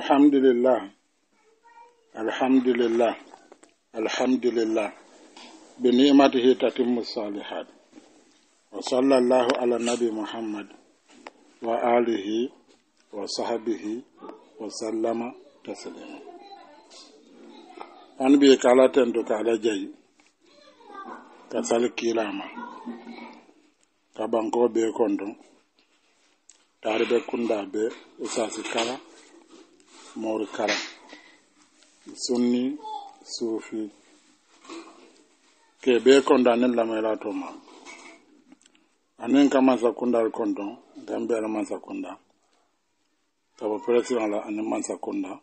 alhamdulillah alhamdulillah alhamdulillah bi ni'matihi tatimmu salihat wa sallallahu ala nabi muhammad wa alihi wa sahabihi wa sallama taslima an bi kala tendo kala jayi ka sal kilama ka bankoo ɓee kondon taare ɓe kunda ɓe usasi kala moori kala sunni suufi ke be konda nin lamayla to ma anin ka mansa kundal konton dan bera mansa kunda sabo president la anin mansa kunda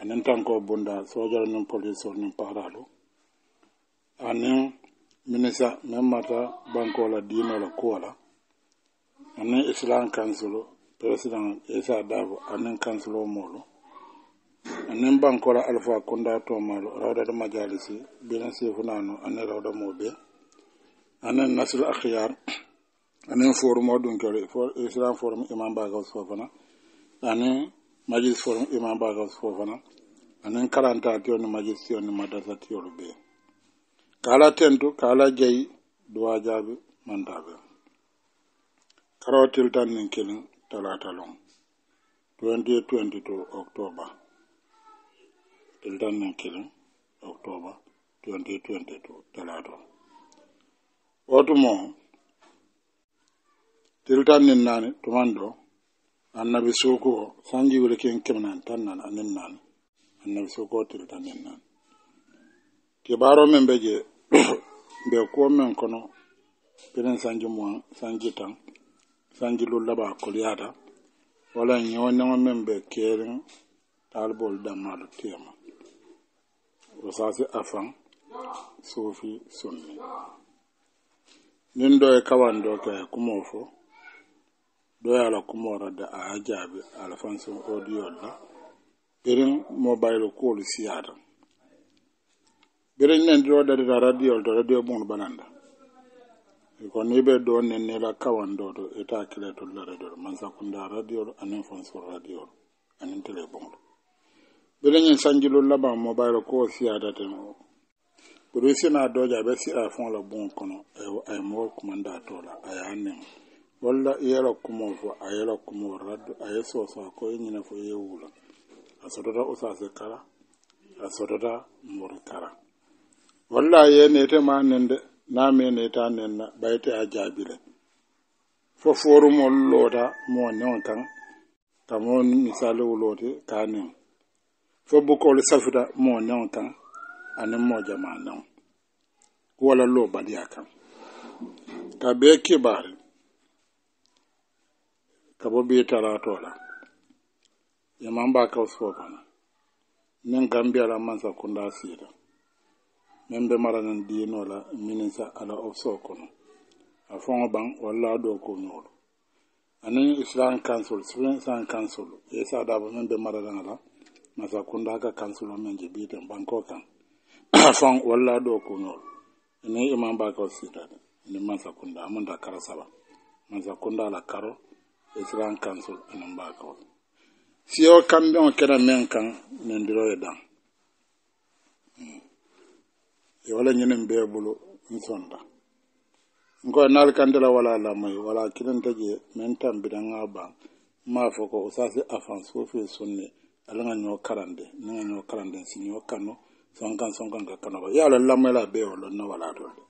anin tanko bunda sojara nin police nin paralo anin minisa min mata bankola la kuwala la la anin islam council président esa dabo anen kancelo molo anen bankora alpha konda tomalo rawda de majalisi bina sefunano ane rawda mobe anen nasr akhyar anen forum odun kere for islam forum imam bagaus fofana anen majlis forum imam bagaus fofana anen karanta tioni majlis tioni madrasa tiolo be kala tentu kala jeyi duwa jaabi mandaɓe karawatil tan nen kelen talata lon 2022 october ɗeltan nen kilin october 2022 talato otumo tiltan nin nani tuman do annabi sukuo sangi wilkin kimnan tan nan anin nani annabi sukuo tiltan nin nani kibaro men be je be kuo men kono pinen sanji mo sanji tan sanjilol la ba koliyata wala ñewonneŋo talbol da keeriŋ taalibolu dammaalu teema wasaasi afaŋ soofi sunni afan do ye kawando ke a ye kumoo fo do la kumoo da a jaabi la la biriŋ mobayilo kuwolu siyaata biriŋ neŋ diro radiyo bananda koni ɓe ɗo nennela kawan ɗoɗo eta kile to laredol man sakunda radio anin fonso radio anin télébonɗo ɓeɗeñen sangilol laban mobile ko siyadaten o ɓeɗo sina doja ɓe sira fonla bon kono ay mowol kumanda tola aya nen walla yela kumo fo a yela kumo raddo aye soso a ko yeñina fo ye wula a sotota usase kala a sotota mori kara walla yenetema nen de na meneta nen na ɓayte a jaabiren fo forumol loota mo newo kan kamo misali wulote ka newo fo bukol safita mo newo kan anin mo jama newo wala lo baliya kan ka be kibari ka bo bi tarato la yaman ba kaw sofana nin gambiyara mansa kunda sira meŋ be mara naŋ diinoo la miniŋ sa la ɔfisɔɔ kono a foŋo baŋ walla a dɔɔ ko noolu ane islam council supreme islam council ye sa daabo meŋ be mara naŋ la masa kunda ka kansulo meŋ je bii teŋ bankoo kaŋ a foŋ walla a doo ko noolu ni imam bakao siitade ni masa kunda da kara saba masa kunda la karo islam hmm. council aniŋ bakao kan kambeŋo kɛra meŋ kaŋ nindiroo ye daŋ e wala ñinen beebulo n sonda n koye naal kandela wala lamoy wala kilanta je min tambidanga ban ma fo ko osaasi afan sofe sonne alanga ñoo karande nanga ñoo karande si ñoo kano sonkan sonkan ka kanoba ye ala lamoy la bee wo lonna wala tonde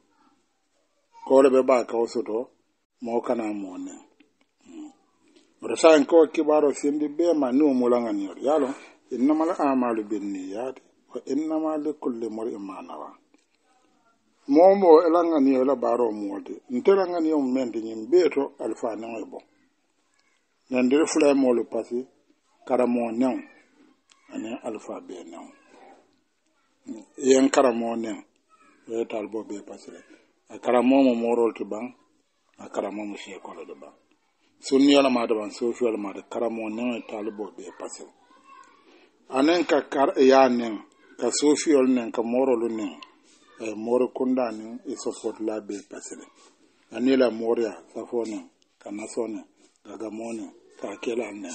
koole be baa kawo soto moo kana moo ne hmm. oto saa ko kibaro sindi bee ma ni wo mulanga niyoto ye alon innama l amalu benni yaate wa innama li kulle mor imanawan momo elangani la baro muwolde ntelangani o mendi ñin ɓeeto alfanaŋo e bon nandiri fula e moolu pasi karamoo neŋ aniŋ alfa bee neŋ yen karamoo neŋ ye taalbo bee pasi le a karamoo mo moorol ti baŋ a karamoo mo seekolo de baŋ sunniyala maade baŋ sofiyala maade karamoo neŋ e taaliboo bee pasi aniŋ ka kar ya neŋ ka sofiyolu neŋ ka moorolu neŋ Eh, moore kundaani eh, e sofotola bee pasile ani la mooriya safoone ka nasoone ka gamoone ka kelaane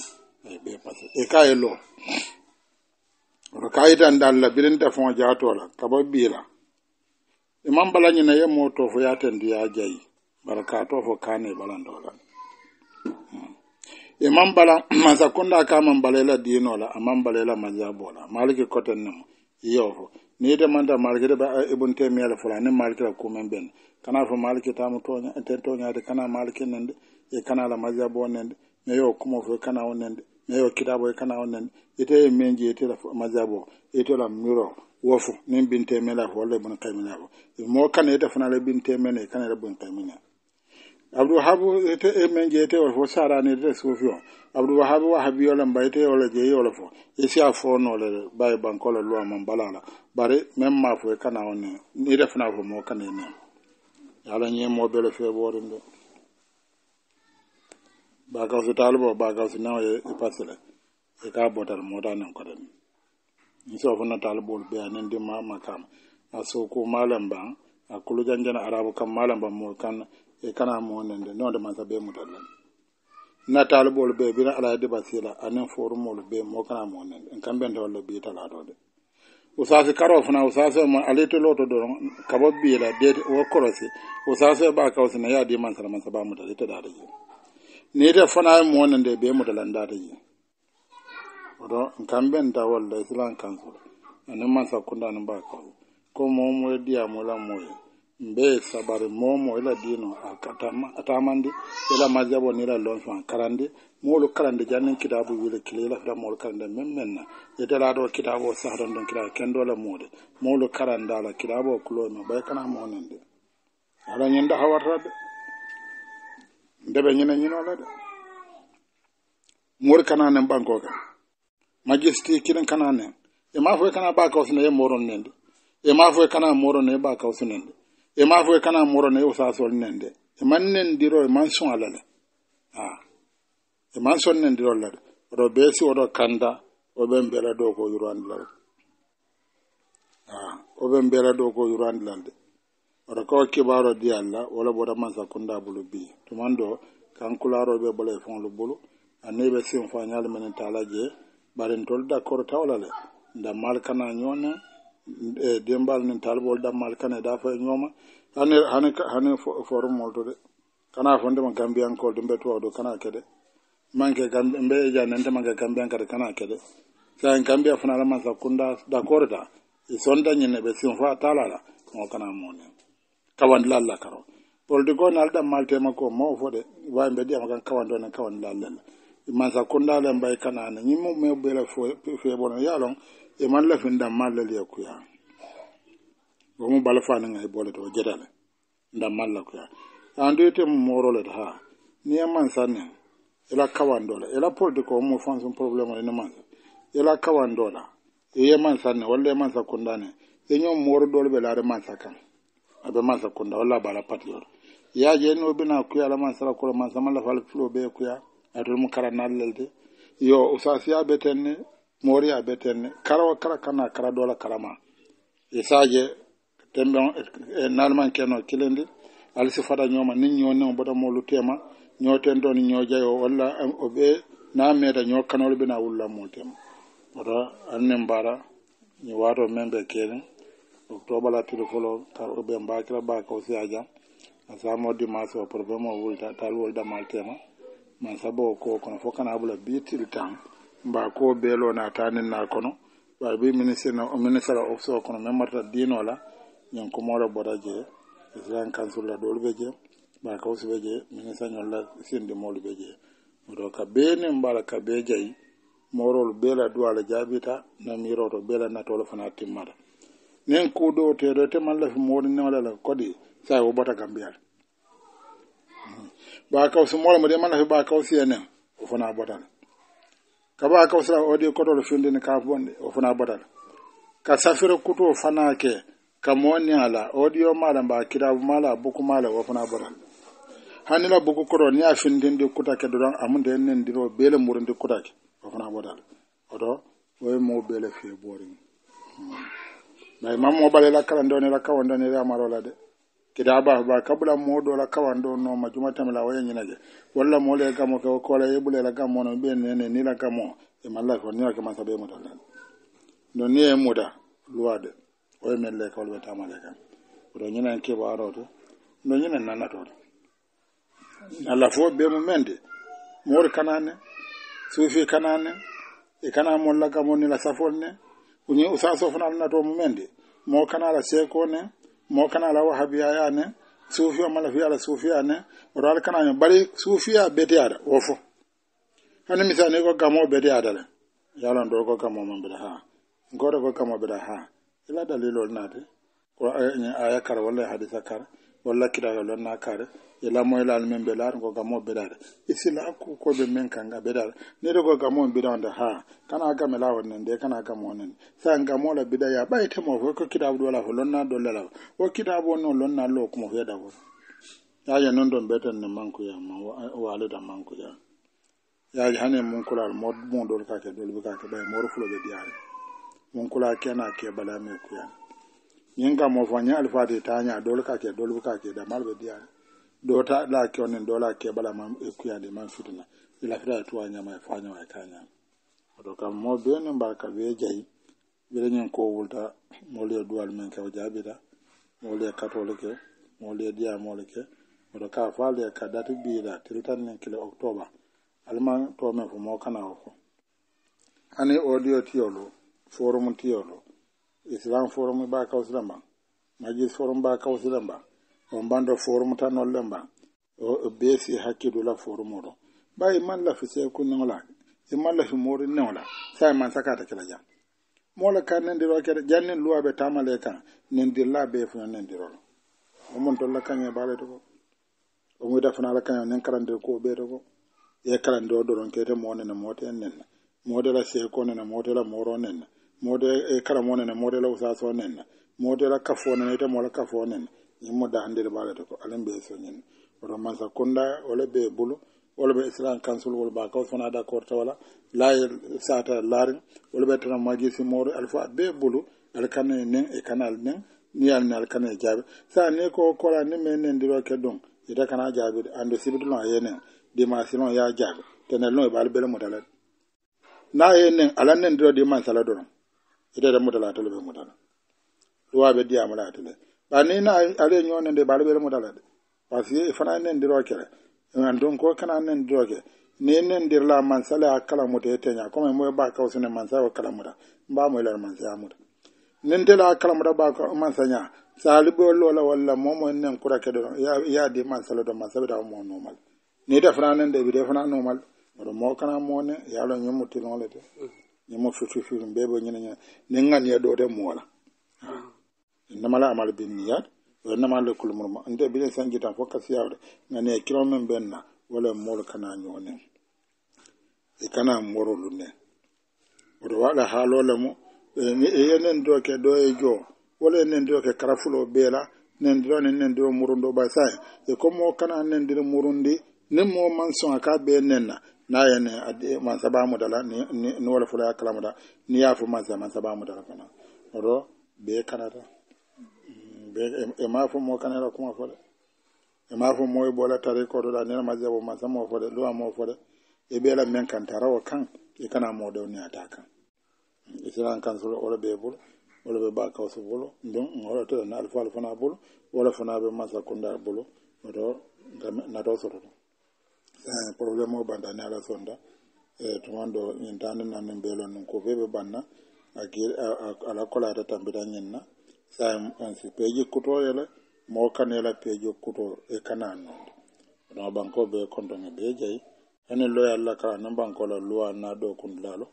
bee pasile e ka ye loo oto ka yitan daal la birinta foŋo jaatoo la ka bo biira e i bala ñina ye hmm. moo to fo ye tendi ye jayi bara ka to fo kaane balantoo la bala mansa kunda ka maŋ bala i la diinoo la a maŋ bala i la majaaboo la maaliki ni demanta malikita ba ibn taymiya la fula ni malikita kumen ben kana fo malikita mu toña ten da kana nan da ya e kana la mazabo da ne yo kuma fa kana wannan da ne yo kitabo e kana o nende ite e ita ite la mazabo ita la miro wofu nin bin taymiya la fo le bun kaymina ko mo kana fa na le bin taymiya ne kana le bun n'a. abdou wahabu e men jeete wala fof saranede suufi o abdou wahabu wahabiyola mbayte yola jeeyola fof e bankola luwa mambalala bare même ma fo e kana o na ni refna fo mo kane nen ala ñemoɓele feɓore nde bakawsi talibo bakawsi nawo e e ka botal motanen koten e kana monende nonde masa be mutalla na talibolu be bina ala deba sila anin forumolu be mo kana monende en kamɓente walla bi talatode usase karo fana usase mo alete loto doron kabo biila dete wo korosi usase ba kawsina ya di mansara mansa ba mutala ite data je ni ite fana monende be mutala ndata je oto en kamɓenta walla islam council anin mansa kunda anin ba kawsi ko momoye diyamola moye mbe sabari momo ila dino atamandi ila mazabo nila lonfan karandi moolu karandi janin kitabu wile kile ila fita moolu karandi men men na yetela do kitabo sahran don kitabu kendo la moode moolu karanda la kitabo kulo no bay kana mo nende ala nyinda hawarta de ndebe nyina nyino la de moolu kana nan banko ka majisti kidan kana nan e ma fo kana ba ka usne moron nende e ma fo kana moron e ba ka nende e ma fo kana moro ne o sa sol nende e man nen diro e man so ala le ha ah. e man so nen diro la ro be si o do kanda o be mbela do ko yuran la ha o be mbela do ko yuran la de o do ko ke ba ro di alla wala boda man sa kunda bulu bi to man do kan kula ro be bole fon lu bulu ane be si on fa nyaal men ta la je barentol da ko ta tawla le da mal kana nyona e dembal nin talbol dammal kane e da fo e ñooma hane hane hane forum molto de kana fo ndema gambian ko de beto do kana kede manke gambe mbe e ja nan de manke gambian kada kana kede sa en gambia fo na la masa kunda da korda e sonda nyene be sin fa talala mo kana moni kawan lalla karo ol de gonal da malte mako mo fo de wa mbe de makan kawan do na kawan lalla man sa kunda le mbay kana ni mo me bela fo fe bona yalon e man la finda malla liya kuya wo mu bala fa nan ay bole to jetale nda malla kuya andu ite moro le ha ni man san sanne ila kawandola ila politiko mo fanso problème ne man ila dola e man sanne walla e man sa kunda ne e nyom moro dole be la re man sa kan abe man sa kunda walla bala patio ya je no bina kuya la man sa ko man sama la fal flo be kuya atul mu karanal lelde yo usasiya betenne mori a beten karawa kara kana kara dola karama isaje tembon eh, nalman keno kilendi alisi fada nyoma nin ñoni o bota molu tema ñoten don ñojayo walla eh, o obe na meda ño kanol ɓe na wulla mutema oto annen mbara ni wato membe kene kene la tiri folo taro obe mbakira baka o siaja a di dimanche o probléme o wulta tal woldamal tema man sabo ko kono na kana bula bi tan mbako beelo naatanina kono ɓay bi ministére of so kono memmata diinola ñin ko moɗo boɗa je islam kansulla ɗolu ɓe je ɓa kawsu ɓe je ministre ñolla sindi molu ɓe je oɗo ka beenin mbala ka bee jayi morol beela duwala jaabita namiroto beela natolo fana timmata nin kuudo teedo teman lafi mowoni newlala kodi sai wo bota kam mbiyal ɓa kawsu molo mo de man lafi ɓa kawsi enen o fana botala kaba kawsara odi kotol findini ka bonde o fana badal ka safira kuto fana ke ka moni ala odiyo mala mba kirabu mala buku mala o fana badal hanila buku koto ni a findindi kuta ke doron amunde nen diro bele murindi kuta ke o fana badal odo o e mo bele fe boring bay hmm. mam mo bale la kala ndone la kawndone la marola de kida baa baa kabla moodo la kawan do no ma juma tam la waye nyina je wala mo le kamo ko ko la yebule la kamo no be ne ne ni la kamo e ma la ko nyaka ma sabe mo to la no ni e moda luade o e men le ko le tam la kam ro nyina ke ba ro to no nyina na na to ala fo be mo mende mo re kanane su fi kanane e kana mo la kamo ni la safol ne kunye usaso fana na to mo mende mo kana la se ko ne mo kana la wahabiya ya ne sufiya malafiya la sufiya ne o kana ne bari sufiya betiya da wo fo hani misal ne ko gamo beti da le yalan do ko gamo man bida ha ngoro ko gamo bida ha ila dalilol te ko aya kar walla hadisa kar walla kiraga lon na kare yela moylal min belar go gamo bedare isila ku ko be men kanga bedare ne go gamo bidan da ha kana ga la wonne de kana ga mo wonnen san gamo la bidaya bayte mo ko kitabu do la holonna do la o kitabu no lonna lo ko mo heda ya ya non don beten ne manku ya ma da manku ya ya yaji hane mun kula mo mo do ka ke do be ka ke bay mo ro fulo be diare mun kula na ke bala me ku ya yinga mo fanya alfa de tanya dol ka ke dol ka ke damalu be dia do ta la ke niŋ doo ke bala maŋ kuyaandi maŋ de man lafita ila tuwa to anya ma fanya wa tanya do ñama woto kam moo bee niŋ baa ka be jai bele nyen ko wulta moolu ye duwalu meŋ ke wo jaabita moolu ye katoolu ke dia mo le ke do ka fo alu ye ka dati biila tili taŋ ne kili october ali maŋ too meŋ fo moo kana ho ani audio tiolo forum tiolo islam forum ba kawsilan ba majlis forum ba kawsilan ba on bando forum ta nolle ba o besi hakkilu la forum oɗo bayi e man lafi se ku newla i man lafi mori newla sa man sakata kila ja mola ka nendiro kede jannin luwaɓe tamale kan nendirla be funa nendirolo o mon tolla kañe baale togo o mu dafana la kañe nen karandir ko ɓe togo e karandiro doron kete mo nena mote nenna modela seko nena modela moro nenna modele eh, kara mo nene modela usaso nene modela kafo nene ite mola kafo nene yimmo da hande de balato ko alen be so nene wala masa konda wala be bulu wala be islam council wala ba kaw sona da korta wala lay sata larin wala be tan magi si moro alfa be bulu al kan ne e kanal ne niyal ne al kan e jabe sa ne ko kola ne men ne ndiro ke don ita kana jabe ande sibitu no yene dima sino ya jabe tenel no e balbele modala na yene alan ne ndiro dima sala don fitere mudala tole be mudala luwa be diya mudala tole ba ni na ale nyone nde balbe re mudala de parce que e fana nen diro kere en don ko kana nen diro ke ni nen dir la man sala akala mudete tenya ko me ba ka usene man sala akala muda ba mo ilar man sala muda nen dela akala muda ba ka man sanya salibo lola wala momo nen kura ke do ya ya di man sala do man sala da mo normal ni da fana nen de bi de fana normal mo kana mo ne ya lo nyumuti no le de mm -hmm. ni mo fififirin bebe ñina ni ni nga ŋaniya de mo la na mala amal bin niyat yo namal le kulumur ma nte bi ne sanjita fo kasiyawde ne kilo men ben na wala moolu kana ñoonen e kana mo ro morolu nen oto waɗa haaloo le mu ye e, e, e, nen do ke do e jo wala ye nen do ke karafulo bee la nen do ne nen do murundo ba sa e ko mo kana nen diro murundi ne mo man so aka be nen na na yen adi man sabamu dala ni wala fula kalamu da ni ya fu man zaman sabamu dala kana ro be kanata be e ma fu mo kanara kuma fo de e ma fu moy bola tare ko do da ni ma zabo man samo fo de lo mo fo de e be la men kan tara wa kan e kana mo do ni ataka isran kan so ro be bul wala be ba ka so bulo ndum ngoro to na alfa alfa na bulo wala fana be masa kunda bulo ro na do so ro Eh, probleme o bantani ala sonda eh, tuman do ñin tani namin beelo nun ko fe a banna ala kolata tambita ñin na sayen si peji kuto yele mo kan yela peji kuto e kana nonde ɗon banko ɓe kontoŋe ɓe jeyi ene loya alla kala nan banko la luwa na kun ɗo kundulalo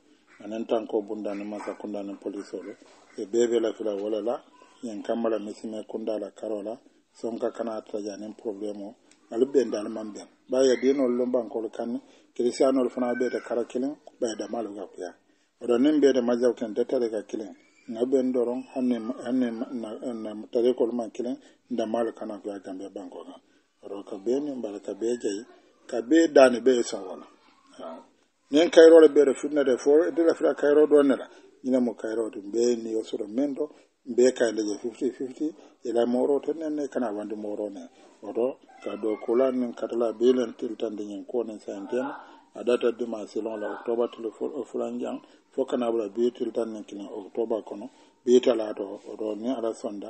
anen tanko ni masa kundani police olo e ɓeɓe la fila wala la ñin kammala misime la karola sonka kana tajanin probléme o alu ɓe man ɓen baya lomba lon kan kristiano lo fana ɓeete kara kilin ɓeyde malu ga kuya odo oɗo be de majaw ken de ga kilin na ben doron hanne hanne na na tarikol man kilin da malu kana kuya gambe banko ga ro ka be nin mbala ka be jay ka be dani be so wala ɓe son wona nin kayrole ɓeeɗo fitnede fo la fra kayro do nela ina ñinemo kayrode ɓe niyo soɗo men mendo bee kayinde je 50-50 ila moro ten nenne kana wandi moro ne oto ka do kulan nin katala bilen tiltande ko konin santen a data ma selon la octobre o uh, fulanjang fo kana bula bi tiltan nin kilin octobre kono bi to oto ni ala sonda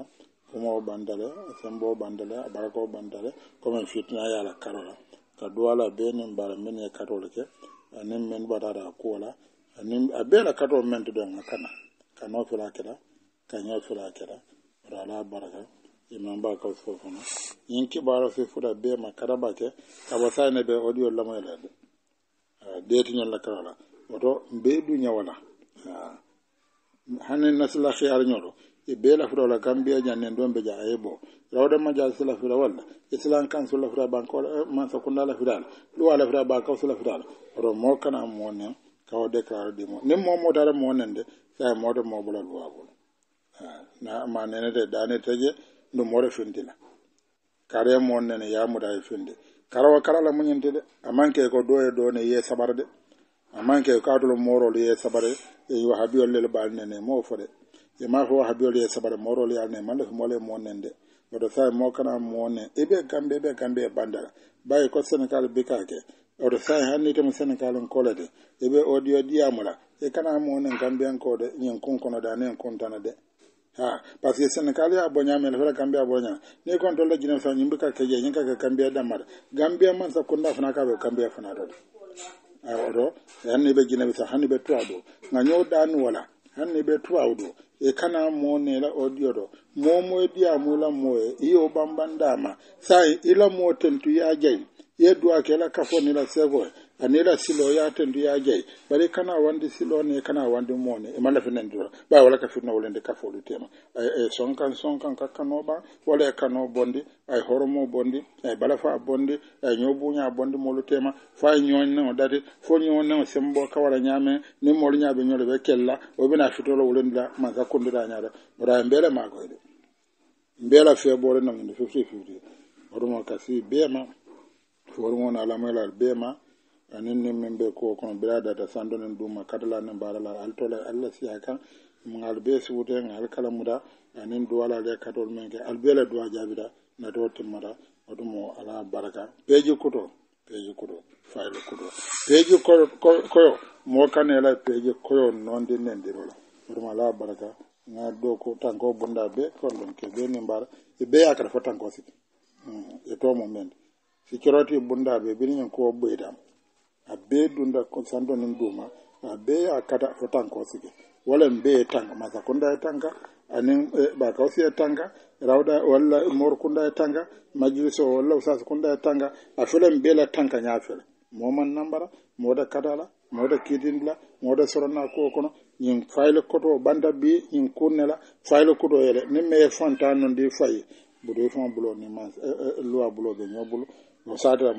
kumo bandale sembo bandale abarako bandale comme fitina la karola ka duwala ala nin bar min ya katola ke anin min batata kuwola anin a bela katol mente don a kana ka nofila kela kaña fula kera rala baraka iman ba kaw fofono yin kibaro fi fula be ma karaba ke kabasane be odio lamo yelede deti ah, nyon la karala oto be du nyawala ah, hanen nasla khiyar nyoro e be la fula la gambia nyanen don be ja ayebo rawda ma ja sala fula walla islam kan sala fula ban ko eh, ma sa kunna la fula du wala fula ba kaw sala fula ro mo kana mo ne kaw de karo di mo nem mo modara mo nende sa modo mo bulal wabula ma nenete dane teje ɗum wore findina karemo on nene yamuda e finde karawa karala muñinte de amanke ko ɗo e ɗo ne yiye sabara de amanke kaatolo morol yiye sabare eyo habiyollel ɓal nene mo fo de ema fo habiyol yiye sabare morol yalne malle ko mole monen de oto sawi e mo kana mone eɓe gambe ɓe gambe e, e bandara bayi ko sénégal bikake oto sawi e hanni temo sénégal n kolede eɓe oɗiyo ɗiyamula e kana mone gambiyankode ñin kunkono de anen kuntana de ah parce que senegal ya boña men fera gambia boña ne kon to lajina sa nyimbe ka keje nyinga ka gambia damar gambia man sa kunda fana ka be gambia fana to ay wodo yan ne be gina be sa hanne be tuado na nyo dan wala hanne be tuado e kana mo ne la odio do mo mo e dia mo la mo e yo bambanda ma sai ila mo tentu ya jay ye dua ke la kafo ni la sego anira silo yaate nduya jeyi bari kana wandi silo ne kana wandi mone e mala fenen dura ba wala ka fitna wolende ka fodu tema e sonkan sonkan ka kano ba wala e kano bondi ay e hormo bondi ay e balafa bondi ay e nyobunya bondi molu tema fa nyon no dadi fo nyon no sembo ka wala nyame ni mol nyabe nyole be kella o bina fitolo wolenda ma ka kondira nyara bura mbele ma ko ide mbela fe bore no ni fufi fufi hormo kasi bema hormo na lamela bema aninnin min ɓe koo kono birada da sandonen ɗuma kadalane mbaɗala altola allah siyaka ngal be suude ngal kalamuda anin duwalade katol menke albele duwa jaabira nato timmata waɗum o ala baraka peeji kuto peeji kuto fayle kuto peeji koyo mookanela peeji koyo nonde nendirola waɗum ala baraka nga ɗo ko tanko bunda be kon ɗon ke ɓe ni mbaɗa e ɓe yakata fo tanko sike hmm. e to mumen sikiroti bunda ɓe ɓini en ko ɓoydama a bee dunda sando nin duuma a bee a kata fo tanko sigi walan bee tanga masakunda e tanga anin bakawsi e tanga rawda walla morkunda e tanga majlis o walla usasukunda e tanga a felen bee la tanka ñaafele moman nambara moda katala moda kidindila moda sorona ko kono ñin fayla koto banda bi ñin kunnela fayla koto yele nin me fontan non di fayi budo fon bulo ni man e, e, loi bulo be ñobulo mo saatira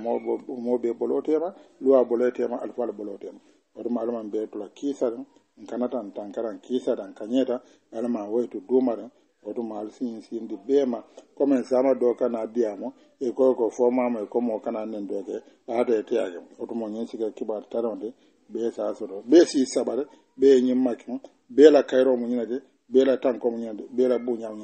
moo ɓe ɓolo tema luwa ɓolo tema alfaala ɓolo tema otuma alama mbiya tula kiisa ɗen n kanatan tankaran kiisa ɗan kañeeta alama woytu duuma ɗen otuma al siñi siindi ɓeema comme en sama do kana biyamo e koy ko fomama e comme o kana nen doke aata e teyake otuma ñin sika kibar tarode ɓe sa soto ɓe si saɓa de ɓe ñim makkemo ɓe la kayro mo ñinake bera tanko mu ñande bera bu ñaw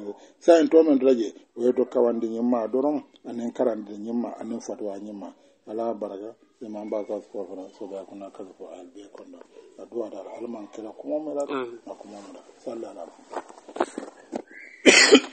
sa en to men raje weto kawande ñimma dorom anen karande ñimma anen fatwa e ma ala baraga man ba ka ko fara so da kuna ka ko al be a addu'a da alman kira kuma mera ko kuma mm. mera sallallahu alaihi wasallam